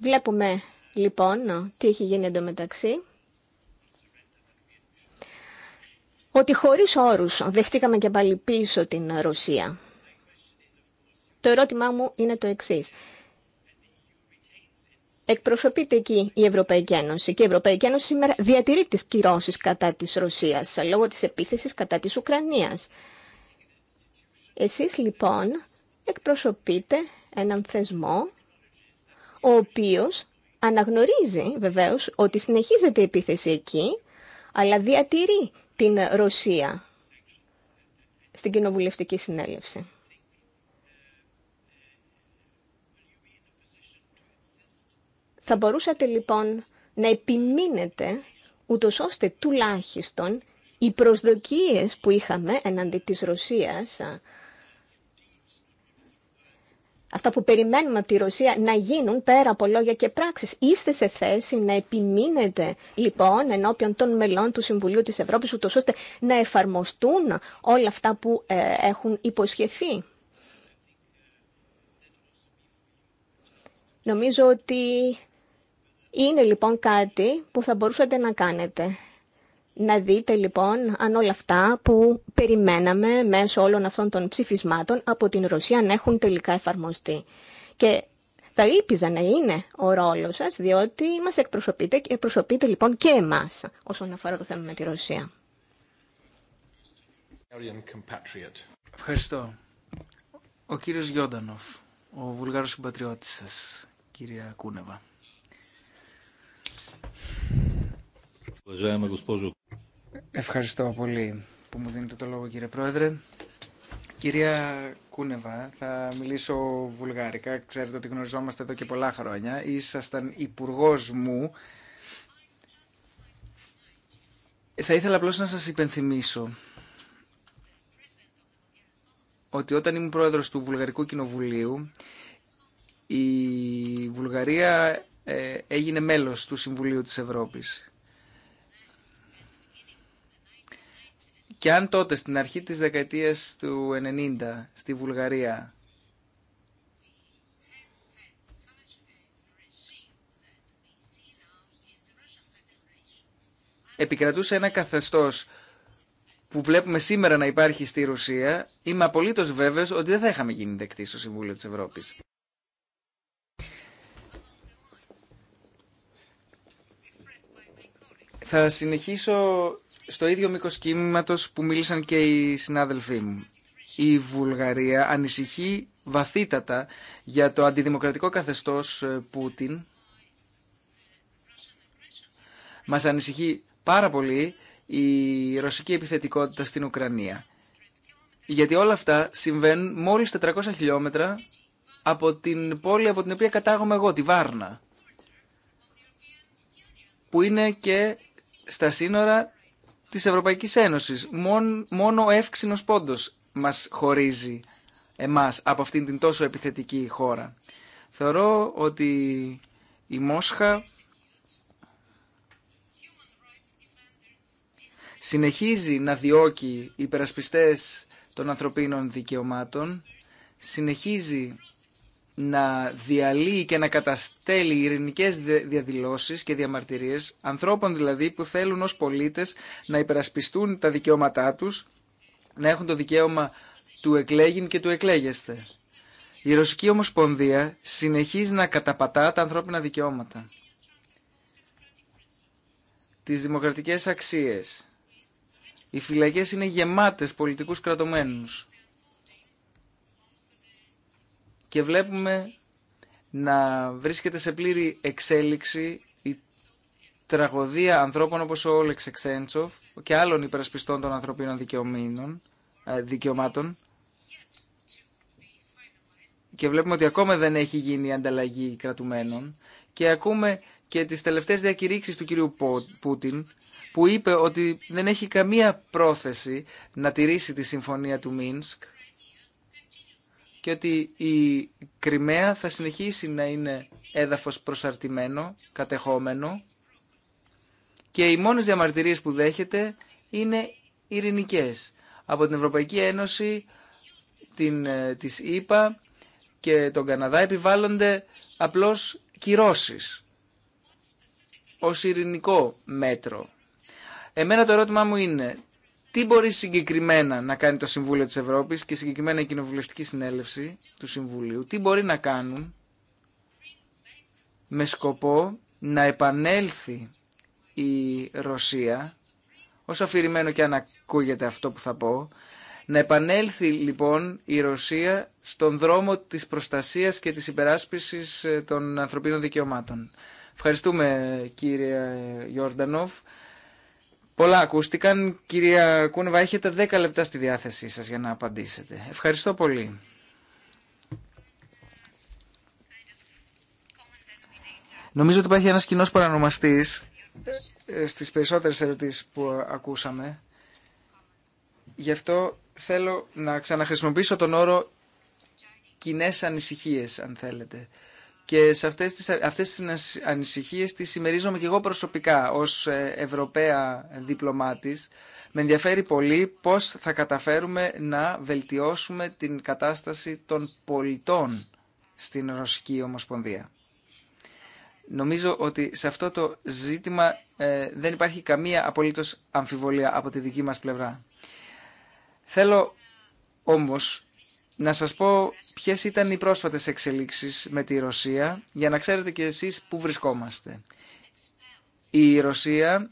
Speaker 3: Βλέπουμε λοιπόν τι έχει γίνει εντωμεταξύ. Ότι χωρίς όρους δεχτήκαμε και πάλι πίσω την Ρωσία. Το ερώτημά μου είναι το εξής. Εκπροσωπείται εκεί η Ευρωπαϊκή Ένωση και η Ευρωπαϊκή Ένωση σήμερα διατηρεί τις κυρώσεις κατά της Ρωσίας λόγω της επίθεσης κατά της Ουκρανίας. Εσείς λοιπόν εκπροσωπείτε έναν θεσμό ο οποίος αναγνωρίζει βεβαίως ότι συνεχίζεται η επίθεση εκεί, αλλά διατηρεί την Ρωσία στην κοινοβουλευτική συνέλευση. Θα μπορούσατε λοιπόν να επιμείνετε ούτω ώστε τουλάχιστον οι προσδοκίες που είχαμε εναντί της Ρωσίας αυτά που περιμένουμε από τη Ρωσία να γίνουν πέρα από λόγια και πράξει. Είστε σε θέση να επιμείνετε λοιπόν ενώπιον των μελών του Συμβουλίου της Ευρώπης ούτως ώστε να εφαρμοστούν όλα αυτά που ε, έχουν υποσχεθεί. Νομίζω ότι είναι λοιπόν κάτι που θα μπορούσατε να κάνετε. Να δείτε λοιπόν αν όλα αυτά που περιμέναμε μέσω όλων αυτών των ψηφισμάτων από την Ρωσία να έχουν τελικά εφαρμοστεί. Και θα ήλπιζα να είναι ο ρόλος σας, διότι μας εκπροσωπείτε και εκπροσωπείτε λοιπόν και εμάς όσον αφορά το θέμα με τη Ρωσία.
Speaker 1: Ευχαριστώ. Ο κύριος Γιόντανοφ, ο βουλγάρος συμπατριώτης σας, κυρία Κούνεβα. Ευχαριστώ πολύ που μου δίνετε το λόγο κύριε Πρόεδρε. Κυρία Κούνεβα, θα μιλήσω βουλγάρικα. Ξέρετε ότι γνωριζόμαστε εδώ και πολλά χρόνια. Ήσασταν υπουργό μου. Θα ήθελα απλώς να σας υπενθυμίσω ότι όταν ήμουν πρόεδρος του Βουλγαρικού Κοινοβουλίου η Βουλγαρία ε, έγινε μέλος του Συμβουλίου της Ευρώπης. Και αν τότε στην αρχή της δεκαετίας του 90 στη Βουλγαρία επικρατούσε ένα καθεστώς που βλέπουμε σήμερα να υπάρχει στη Ρωσία, είμαι απολύτως βέβαιος ότι δεν θα είχαμε γίνει δεκτή στο Συμβούλιο της Ευρώπης. Θα συνεχίσω στο ίδιο μήκο κίνηματο που μίλησαν και οι συνάδελφοί μου. Η Βουλγαρία ανησυχεί βαθύτατα για το αντιδημοκρατικό καθεστώς ε, Πούτιν. Μας ανησυχεί πάρα πολύ η ρωσική επιθετικότητα στην Ουκρανία. Γιατί όλα αυτά συμβαίνουν μόλις 400 χιλιόμετρα από την πόλη από την οποία κατάγομαι εγώ, τη Βάρνα. Που είναι και στα σύνορα της Ευρωπαϊκής Ένωσης. Μόνο, μόνο ο εύξηνο πόντος μας χωρίζει εμά από αυτήν την τόσο επιθετική χώρα. Θεωρώ ότι η Μόσχα συνεχίζει να διώκει υπερασπιστές των ανθρωπίνων δικαιωμάτων, συνεχίζει να διαλύει και να καταστέλει ειρηνικέ διαδηλώσει και διαμαρτυρίες ανθρώπων δηλαδή που θέλουν ως πολίτες να υπερασπιστούν τα δικαιώματά τους, να έχουν το δικαίωμα του εκλέγην και του εκλέγεστε. Η Ρωσική Ομοσπονδία συνεχίζει να καταπατά τα ανθρώπινα δικαιώματα, τις δημοκρατικές αξίες. Οι φυλακές είναι γεμάτες πολιτικούς κρατομένους και βλέπουμε να βρίσκεται σε πλήρη εξέλιξη η τραγωδία ανθρώπων όπως ο Όλεξ Εξέντσοφ και άλλων υπερασπιστών των ανθρωπίνων ε, δικαιωμάτων και βλέπουμε ότι ακόμα δεν έχει γίνει η ανταλλαγή κρατουμένων και ακούμε και τις τελευταίες διακηρύξεις του κυρίου Πούτιν που είπε ότι δεν έχει καμία πρόθεση να τηρήσει τη συμφωνία του Μίνσκ και ότι η Κρυμαία θα συνεχίσει να είναι έδαφος προσαρτημένο, κατεχόμενο και οι μόνες διαμαρτυρίες που δέχεται είναι ειρηνικές. Από την Ευρωπαϊκή Ένωση, την, ε, της ΕΠΑ και τον Καναδά επιβάλλονται απλώς κυρώσεις ως ειρηνικό μέτρο. Εμένα το ερώτημά μου είναι τι μπορεί συγκεκριμένα να κάνει το Συμβούλιο της Ευρώπης και συγκεκριμένα η Κοινοβουλευτική Συνέλευση του Συμβουλίου, τι μπορεί να κάνουν με σκοπό να επανέλθει η Ρωσία, όσο αφηρημένο και αν ακούγεται αυτό που θα πω, να επανέλθει λοιπόν η Ρωσία στον δρόμο της προστασίας και της υπεράσπισης ε, των ανθρωπίνων δικαιωμάτων. Ευχαριστούμε κύριε Γιόρντανοφ. Πολλά ακούστηκαν. Κυρία Κούνεβα, έχετε 10 λεπτά στη διάθεσή σας για να απαντήσετε. Ευχαριστώ πολύ. Νομίζω ότι υπάρχει ένας κοινός παρανομαστής ε, στις περισσότερες ερωτήσεις που ακούσαμε. Γι' αυτό θέλω να ξαναχρησιμοποιήσω τον όρο κοινέ ανησυχίες, αν θέλετε. Και σε αυτές τις, αυτές τις ανησυχίες τις συμμερίζομαι και εγώ προσωπικά ως ε, Ευρωπαία διπλωμάτης. Με ενδιαφέρει πολύ πώς θα καταφέρουμε να βελτιώσουμε την κατάσταση των πολιτών στην Ρωσική Ομοσπονδία. Νομίζω ότι σε αυτό το ζήτημα ε, δεν υπάρχει καμία απολύτως αμφιβολία από τη δική μας πλευρά. Θέλω όμως να σας πω ποιες ήταν οι πρόσφατες εξελίξεις με τη Ρωσία για να ξέρετε και εσείς πού βρισκόμαστε. Η Ρωσία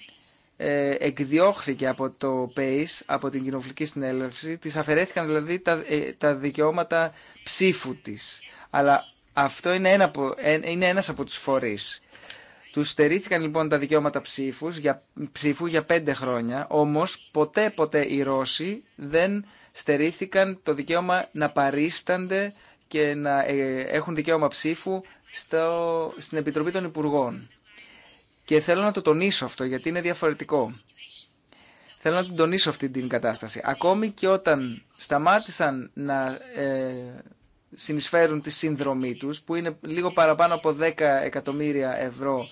Speaker 1: ε, εκδιώχθηκε από το ΠΕΙΣ, από την Κοινοβουλική Συνέλευση, της αφαιρέθηκαν δηλαδή τα, ε, τα δικαιώματα ψήφου της. Αλλά αυτό είναι, ένα από, είναι ένας από τους φορείς. Του στερήθηκαν λοιπόν τα δικαιώματα ψήφους, για, ψήφου για πέντε χρόνια, όμως ποτέ ποτέ οι Ρώσοι δεν στερήθηκαν το δικαίωμα να παρίστανται και να ε, έχουν δικαίωμα ψήφου στο, στην Επιτροπή των Υπουργών. Και θέλω να το τονίσω αυτό γιατί είναι διαφορετικό. Θέλω να την τονίσω αυτή την κατάσταση. Ακόμη και όταν σταμάτησαν να ε, συνεισφέρουν τη συνδρομή τους, που είναι λίγο παραπάνω από 10 εκατομμύρια ευρώ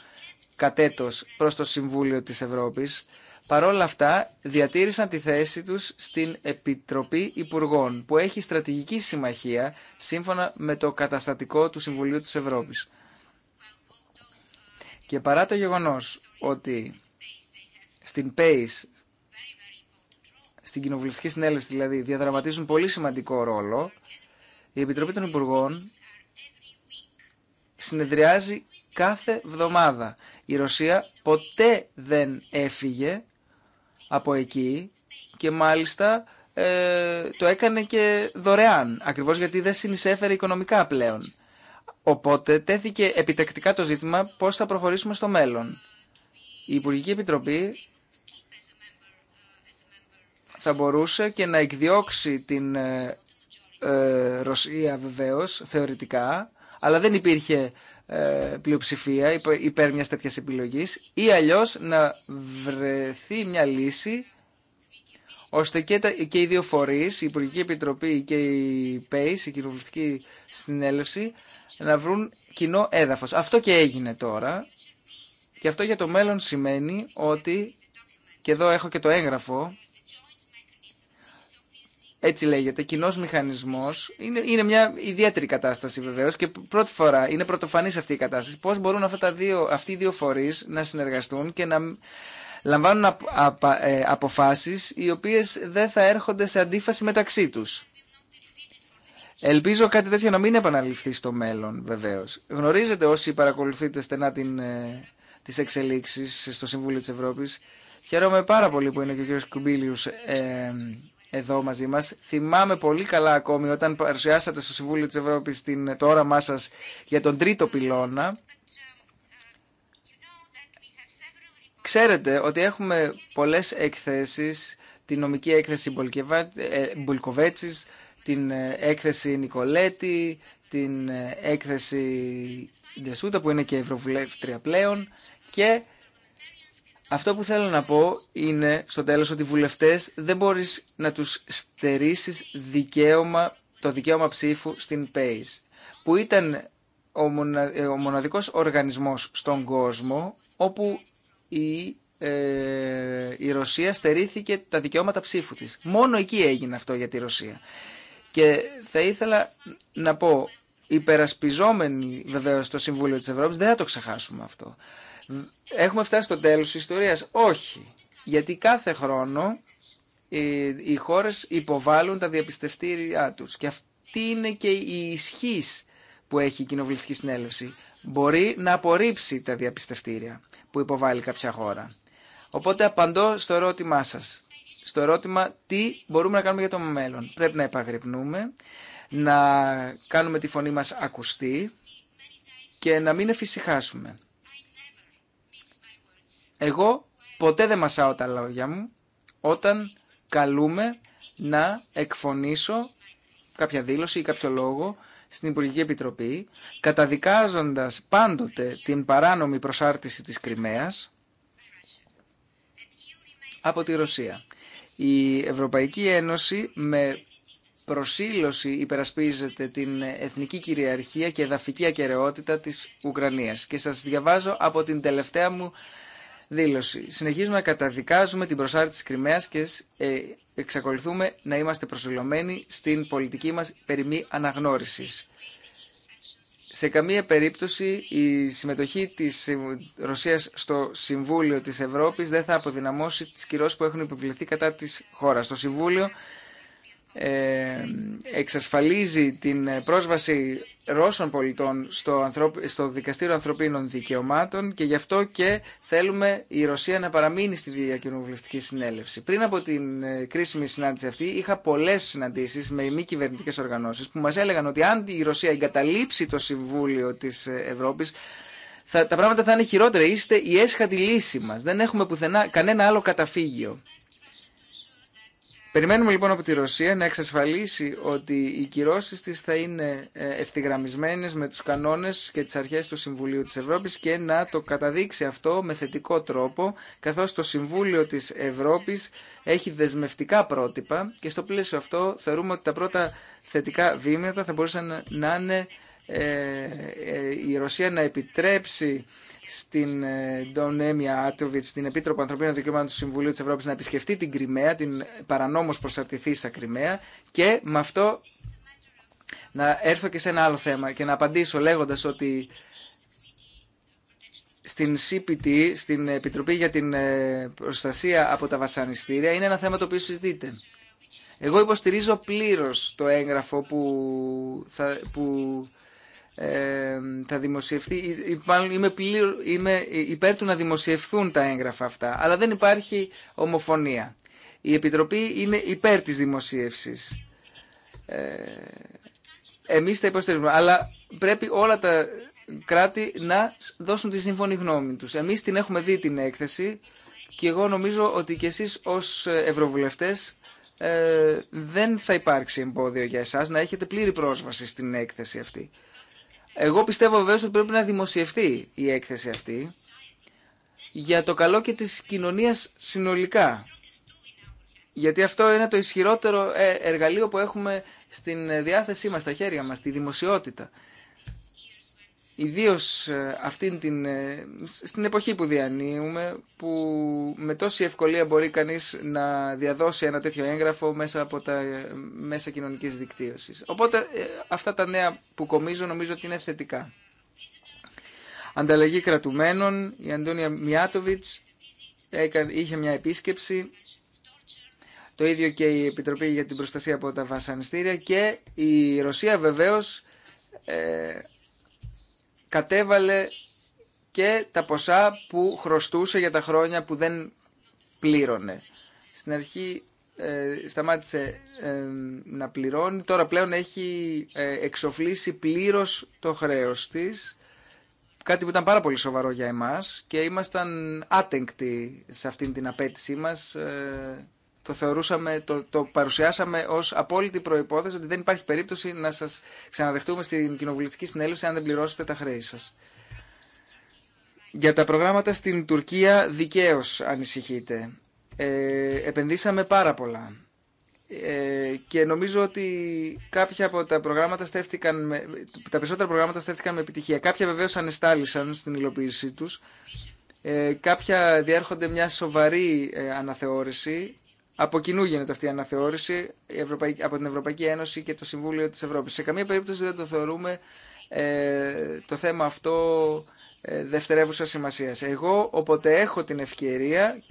Speaker 1: κατέτος προς το Συμβούλιο της Ευρώπης, παρόλα αυτά διατήρησαν τη θέση τους στην Επιτροπή Υπουργών, που έχει στρατηγική συμμαχία σύμφωνα με το καταστατικό του Συμβουλίου της Ευρώπης. Και παρά το γεγονός ότι στην ΠΕΙΣ, στην Κοινοβουλευτική Συνέλευση δηλαδή, διαδραματίζουν πολύ σημαντικό ρόλο, η Επιτροπή των Υπουργών συνεδριάζει κάθε βδομάδα. Η Ρωσία ποτέ δεν έφυγε από εκεί και μάλιστα ε, το έκανε και δωρεάν, ακριβώς γιατί δεν συνεισέφερε οικονομικά πλέον. Οπότε τέθηκε επιτακτικά το ζήτημα πώς θα προχωρήσουμε στο μέλλον. Η Υπουργική Επιτροπή θα μπορούσε και να εκδιώξει την ε, ε Ρωσία βεβαίως θεωρητικά, αλλά δεν υπήρχε ε, πλειοψηφία υπέρ μιας τέτοιας επιλογής ή αλλιώς να βρεθεί μια λύση ώστε και, τα, και οι δύο φορείς, η Υπουργική Επιτροπή και η ΠΕΙΣ, η Κοινοβουλευτική Συνέλευση, να βρουν κοινό έδαφος. Αυτό και έγινε τώρα και αυτό για το μέλλον σημαίνει ότι, και εδώ έχω και το έγγραφο έτσι λέγεται, κοινό μηχανισμό. Είναι, είναι μια ιδιαίτερη κατάσταση βεβαίω και πρώτη φορά είναι πρωτοφανή αυτή η κατάσταση. Πώ μπορούν αυτά τα δύο, αυτοί οι δύο φορεί να συνεργαστούν και να λαμβάνουν αποφάσει, αποφάσεις οι οποίε δεν θα έρχονται σε αντίφαση μεταξύ του. Ελπίζω κάτι τέτοιο να μην επαναληφθεί στο μέλλον βεβαίω. Γνωρίζετε όσοι παρακολουθείτε στενά ε, τις εξελίξεις στο Συμβούλιο της Ευρώπης. Χαίρομαι πάρα πολύ που είναι και ο κ. Κουμπίλιου. Ε, εδώ μαζί μας. Θυμάμαι πολύ καλά ακόμη όταν παρουσιάσατε στο Συμβούλιο της Ευρώπης την, το όραμά σας για τον τρίτο πυλώνα. Ξέρετε ότι έχουμε πολλές εκθέσεις, την νομική έκθεση ε, Μπουλκοβέτσης, την ε, έκθεση Νικολέτη, την ε, έκθεση Ντεσούτα που είναι και ευρωβουλεύτρια πλέον και αυτό που θέλω να πω είναι στο τέλος ότι οι βουλευτές δεν μπορείς να τους στερήσεις δικαίωμα, το δικαίωμα ψήφου στην ΠΕΙΣ που ήταν ο, μονα, ε, μοναδικός οργανισμός στον κόσμο όπου η, ε, η Ρωσία στερήθηκε τα δικαιώματα ψήφου της. Μόνο εκεί έγινε αυτό για τη Ρωσία. Και θα ήθελα να πω, υπερασπιζόμενοι βεβαίως στο Συμβούλιο της Ευρώπης, δεν θα το ξεχάσουμε αυτό. Έχουμε φτάσει στο τέλος της ιστορίας. Όχι. Γιατί κάθε χρόνο ε, οι χώρες υποβάλλουν τα διαπιστευτήριά τους. Και αυτή είναι και η ισχύς που έχει η κοινοβουλευτική συνέλευση. Μπορεί να απορρίψει τα διαπιστευτήρια που υποβάλλει κάποια χώρα. Οπότε απαντώ στο ερώτημά σας. Στο ερώτημα τι μπορούμε να κάνουμε για το μέλλον. Πρέπει να επαγρυπνούμε, να κάνουμε τη φωνή μας ακουστή και να μην εφησυχάσουμε. Εγώ ποτέ δεν μασάω τα λόγια μου όταν καλούμε να εκφωνήσω κάποια δήλωση ή κάποιο λόγο στην Υπουργική Επιτροπή, καταδικάζοντας πάντοτε την παράνομη προσάρτηση της Κρυμαίας από τη Ρωσία. Η Ευρωπαϊκή Ένωση με προσήλωση υπερασπίζεται την εθνική κυριαρχία και εδαφική ακαιρεότητα της κρυμαιας απο τη ρωσια η ευρωπαικη ενωση με προσηλωση υπερασπιζεται την εθνικη κυριαρχια και εδαφικη ακεραιοτητα της ουκρανιας Και σας διαβάζω από την τελευταία μου δήλωση. Συνεχίζουμε να καταδικάζουμε την προσάρτηση της Κρυμαίας και ε, εξακολουθούμε να είμαστε προσιλωμένοι στην πολιτική μας περί μη αναγνώρισης. Σε καμία περίπτωση η συμμετοχή της ε, Ρωσίας στο Συμβούλιο της Ευρώπης δεν θα αποδυναμώσει τις κυρώσεις που έχουν επιβληθεί κατά της χώρας. Το Συμβούλιο ε, εξασφαλίζει την πρόσβαση Ρώσων πολιτών στο, στο Δικαστήριο Ανθρωπίνων Δικαιωμάτων και γι' αυτό και θέλουμε η Ρωσία να παραμείνει στη διακοινοβουλευτική συνέλευση. Πριν από την ε, κρίσιμη συνάντηση αυτή είχα πολλέ συναντήσει με μη κυβερνητικέ οργανώσει που μα έλεγαν ότι αν η Ρωσία εγκαταλείψει το Συμβούλιο τη ε, Ευρώπη, θα, τα πράγματα θα είναι χειρότερα. Είστε η έσχατη λύση μα. Δεν έχουμε πουθενά κανένα άλλο καταφύγιο. Περιμένουμε λοιπόν από τη Ρωσία να εξασφαλίσει ότι οι κυρώσει τη θα είναι ε, ευθυγραμμισμένε με του κανόνε και τι αρχέ του Συμβουλίου τη Ευρώπη και να το καταδείξει αυτό με θετικό τρόπο, καθώ το Συμβούλιο τη Ευρώπη έχει δεσμευτικά πρότυπα και στο πλαίσιο αυτό θεωρούμε ότι τα πρώτα θετικά βήματα θα μπορούσαν να είναι ε, ε, η Ρωσία να επιτρέψει στην ε, Ντονέμια Άτοβιτ, την Επίτροπο Ανθρωπίνων Δικαιωμάτων του Συμβουλίου τη Ευρώπη, να επισκεφτεί την Κρυμαία, την παρανόμω στα Κρυμαία, και με αυτό να έρθω και σε ένα άλλο θέμα και να απαντήσω λέγοντα ότι στην CPT, στην Επιτροπή για την ε, Προστασία από τα Βασανιστήρια, είναι ένα θέμα το οποίο συζητείτε. Εγώ υποστηρίζω πλήρως το έγγραφο που, θα, που ε, θα δημοσιευθεί. Ε, ε, είμαι, υπέρ του να δημοσιευθούν τα έγγραφα αυτά, αλλά δεν υπάρχει ομοφωνία. Η Επιτροπή είναι υπέρ της δημοσίευσης. Ε, εμείς τα υποστηρίζουμε, αλλά πρέπει όλα τα κράτη να δώσουν τη σύμφωνη γνώμη τους. Εμείς την έχουμε δει την έκθεση και εγώ νομίζω ότι και εσείς ως ευρωβουλευτές δεν θα υπάρξει εμπόδιο για εσάς να έχετε πλήρη πρόσβαση στην έκθεση αυτή. Εγώ πιστεύω βεβαίως ότι πρέπει να δημοσιευτεί η έκθεση αυτή για το καλό και της κοινωνίας συνολικά. Γιατί αυτό είναι το ισχυρότερο ε, εργαλείο που έχουμε στην διάθεσή μας, στα χέρια μας, τη δημοσιότητα. Ιδίω ε, αυτήν την, ε, στην εποχή που διανύουμε, που με τόση ευκολία μπορεί κανείς να διαδώσει ένα τέτοιο έγγραφο μέσα από τα ε, μέσα κοινωνικής δικτύωσης. Οπότε αυτά τα νέα που κομίζω νομίζω ότι είναι θετικά. Ανταλλαγή κρατουμένων, η Αντώνια Μιάτοβιτς είχε μια επίσκεψη, το ίδιο και η Επιτροπή για την Προστασία από τα Βασανιστήρια και η Ρωσία βεβαίως ε, κατέβαλε και τα ποσά που χρωστούσε για τα χρόνια που δεν πλήρωνε. Στην αρχή ε, σταμάτησε ε, να πληρώνει, τώρα πλέον έχει ε, εξοφλήσει πλήρως το χρέος της, κάτι που ήταν πάρα πολύ σοβαρό για εμάς και ήμασταν άτεγκτοι σε αυτήν την απέτησή μας το θεωρούσαμε, το, το παρουσιάσαμε ω απόλυτη προπόθεση ότι δεν υπάρχει περίπτωση να σα ξαναδεχτούμε στην κοινοβουλευτική συνέλευση αν δεν πληρώσετε τα χρέη σα. Για τα προγράμματα στην Τουρκία δικαίω ανησυχείτε. Ε, επενδύσαμε πάρα πολλά. Ε, και νομίζω ότι κάποια από τα προγράμματα στέφτηκαν τα περισσότερα προγράμματα στέφτηκαν με επιτυχία. Κάποια βεβαίως ανεστάλησαν στην υλοποίησή τους. Ε, κάποια διέρχονται μια σοβαρή ε, αναθεώρηση από κοινού γίνεται αυτή η αναθεώρηση από την Ευρωπαϊκή Ένωση και το Συμβούλιο της Ευρώπης. Σε καμία περίπτωση δεν το θεωρούμε ε, το θέμα αυτό ε, δευτερεύουσα σημασία. Εγώ όποτε έχω την ευκαιρία,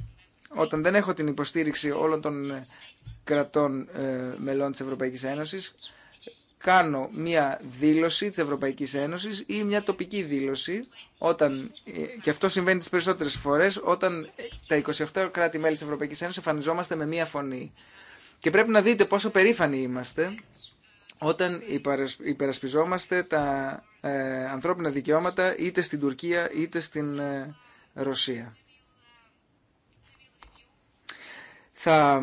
Speaker 1: όταν δεν έχω την υποστήριξη όλων των κρατών ε, μελών της Ευρωπαϊκής Ένωσης, κάνω μια δήλωση της Ευρωπαϊκής Ένωσης ή μια τοπική δήλωση, όταν, και αυτό συμβαίνει τις περισσότερες φορές, όταν τα 28 κράτη-μέλη της Ευρωπαϊκής Ένωσης εμφανιζόμαστε με μια φωνή. Και πρέπει να δείτε πόσο περήφανοι είμαστε όταν υπερασπιζόμαστε τα ε, ανθρώπινα δικαιώματα είτε στην Τουρκία είτε στην ε, Ρωσία. Θα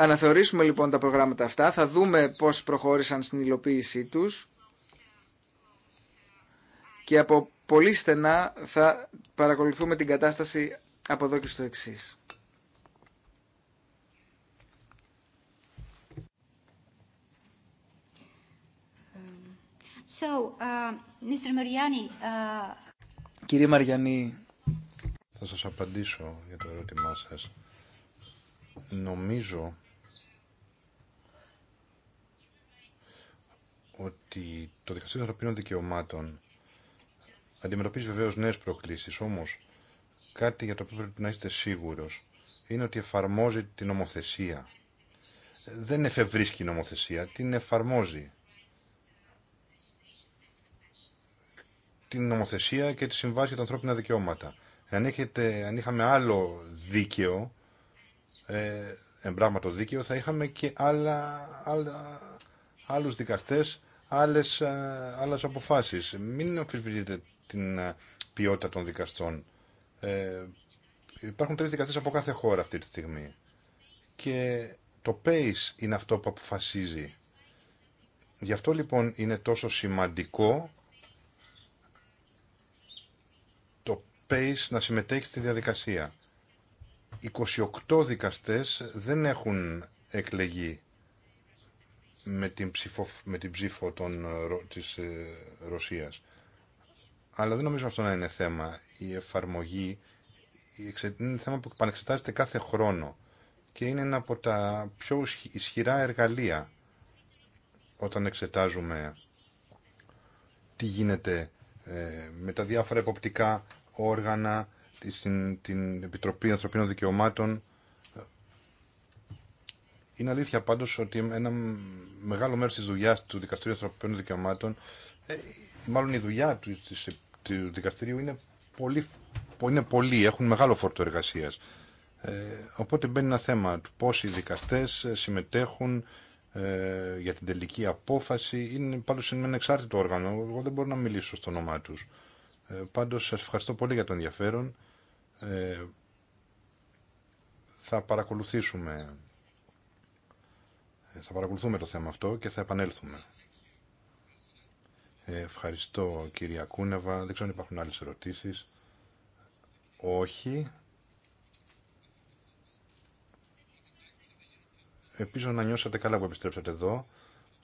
Speaker 1: αναθεωρήσουμε λοιπόν τα προγράμματα αυτά, θα δούμε πώς προχώρησαν στην υλοποίησή τους και από πολύ στενά θα παρακολουθούμε την κατάσταση από εδώ και στο εξής.
Speaker 3: So, uh, Mariani, uh,
Speaker 1: Κύριε Μαριανή,
Speaker 2: θα σας απαντήσω για το ερώτημά σας. Νομίζω ότι το Δικαστήριο Ανθρωπίνων Δικαιωμάτων αντιμετωπίζει βεβαίως νέες προκλήσεις, όμως κάτι για το οποίο πρέπει να είστε σίγουρος είναι ότι εφαρμόζει την νομοθεσία. Δεν εφευρίσκει η νομοθεσία, την εφαρμόζει. Την νομοθεσία και τη συμβάση για τα ανθρώπινα δικαιώματα. Αν, έχετε, αν είχαμε άλλο δίκαιο, ε, εμπράγματο δίκαιο, θα είχαμε και άλλα, άλλα, άλλους δικαστές άλλες, ε, άλλες αποφάσεις. Μην αμφισβητείτε την ε, ποιότητα των δικαστών. Ε, υπάρχουν τρεις δικαστές από κάθε χώρα αυτή τη στιγμή. Και το pace είναι αυτό που αποφασίζει. Γι' αυτό λοιπόν είναι τόσο σημαντικό το pace να συμμετέχει στη διαδικασία. 28 δικαστές δεν έχουν εκλεγεί με την, ψηφο, με την ψήφο των, ε, της ε, Ρωσίας. Αλλά δεν νομίζω αυτό να είναι θέμα. Η εφαρμογή είναι θέμα που επανεξετάζεται κάθε χρόνο και είναι ένα από τα πιο ισχυρά εργαλεία όταν εξετάζουμε τι γίνεται ε, με τα διάφορα εποπτικά όργανα, την, την Επιτροπή Ανθρωπίνων Δικαιωμάτων είναι αλήθεια πάντω ότι ένα μεγάλο μέρο τη δουλειά του Δικαστηρίου Ανθρωπίνων Δικαιωμάτων, ε, μάλλον η δουλειά του, της, του Δικαστηρίου είναι πολύ, είναι πολύ, έχουν μεγάλο φόρτο εργασία. Ε, οπότε μπαίνει ένα θέμα του πώ οι δικαστέ ε, συμμετέχουν για την τελική απόφαση. Είναι πάντως είναι ένα εξάρτητο όργανο, εγώ δεν μπορώ να μιλήσω στο όνομά του. Ε, πάντως ευχαριστώ πολύ για το ενδιαφέρον. θα παρακολουθήσουμε θα παρακολουθούμε το θέμα αυτό και θα επανέλθουμε. Ε, ευχαριστώ κυρία Κούνεβα. Δεν ξέρω αν υπάρχουν άλλες ερωτήσεις. Όχι. Επίσης, να νιώσατε καλά που επιστρέψατε εδώ,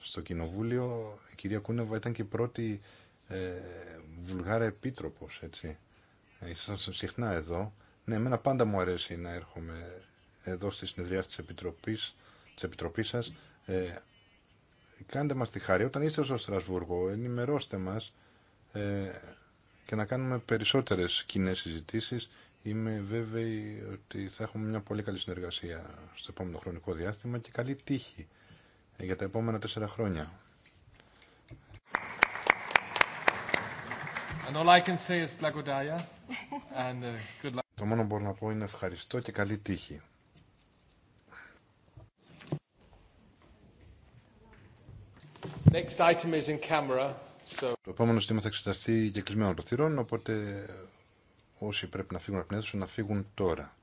Speaker 2: στο Κοινοβούλιο. Η κυρία Κούνεβα ήταν και η πρώτη ε, βουλγάρα επίτροπος, έτσι. Ε, ήσασταν συχνά εδώ. Ναι, εμένα πάντα μου αρέσει να έρχομαι εδώ στη συνεδρία της Επιτροπής Τη επιτροπή σα, ε, κάντε μα τη χάρη. Όταν είστε στο Στρασβούργο, ενημερώστε μας ε, και να κάνουμε περισσότερες κοινέ συζητήσει. Είμαι βέβαιη ότι θα έχουμε μια πολύ καλή συνεργασία στο επόμενο χρονικό διάστημα και καλή τύχη ε, για τα επόμενα τέσσερα χρόνια. And all I can say is and uh, good luck. Το μόνο που μπορώ να πω είναι ευχαριστώ και καλή τύχη. Το επόμενο στήμα θα εξεταστεί για κλεισμένο των θυρών, οπότε όσοι πρέπει να φύγουν από την αίθουσα να φύγουν τώρα.